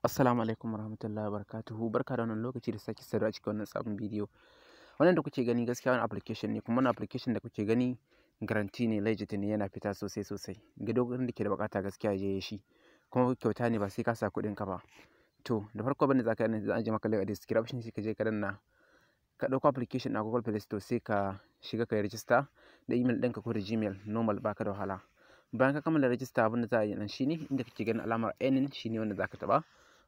Assalamu alaikum warahmatullahi wabarakatuhu barka da wannan lokaci da sake saduwa a cikin wannan sabon bidiyo wannan da kuke gani gaskiya wani application ne kuma wannan application da kuke gani guarantee ne legit ne yana fita sosai sosai ga dogon da ke da bukata gaskiya je shi kuma kyauta ne ba sai ka sa kuɗin ka ba to da farko bane zaka yi zan je maka link a description sai ka je ka danna ka dauko application a Google Play Store sai ka shiga ka register da email ka ko da Gmail normal baka da wahala bayan ka kammala register abin da za a yi nan shine inda kake ganin alamar earning shine wanda zaka taba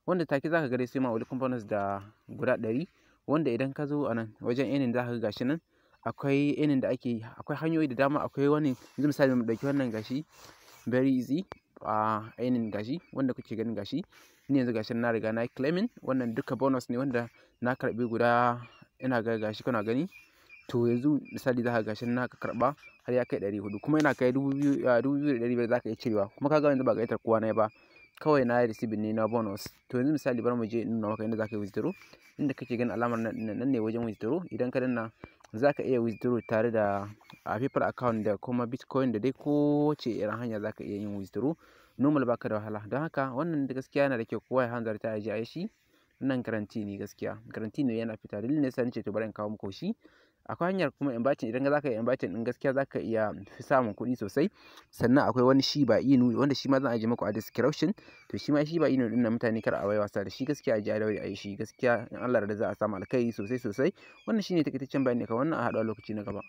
wanda take za ka ga ma sai components da guda ɗari wanda idan ka zo a nan wajen enin za ka ga gashi nan akwai enin da ake akwai hanyoyi da dama akwai wani yanzu misali mu dauki wannan gashi very easy a enin gashi wanda kuke ganin gashi ni yanzu gashi na riga na claiming wannan duka bonus ne wanda na karɓi guda ina ga gashi kana gani to yanzu misali za ka gashin na ka karɓa har ya kai ɗari kuma ina kai dubu biyu da ɗari biyar za ka iya cirewa kuma kaga yanzu ba yatar kowa ne ba kawai na yi ne na bonus to yanzu misali bar mu je nuna maka inda zaka yi withdraw inda kake ganin alamar nan ne wajen withdraw idan ka danna zaka iya withdraw tare da a ah, paper account da kuma bitcoin da dai ko wace irin hanya zaka iya yin withdraw normal baka da wahala don haka wannan da gaskiya yana da kyau kowa ya hanzarta ya je a shi wannan guarantee ne gaskiya guarantee ne yana fita dalilin ne yasa nace to bari in kawo muku shi akwai hanyar kuma inviting idan za ka yi inviting din gaskiya za ka iya fi samun kuɗi sosai sannan akwai wani shi ba inu wanda shi ma zan aje maku a description to shi ma shi ba inu din mutane kar a wai wasa da shi gaskiya aje da a yi shi gaskiya in Allah da za a samu alkai sosai sosai wannan shine takaitaccen bayani ka wannan a haɗu a lokaci na gaba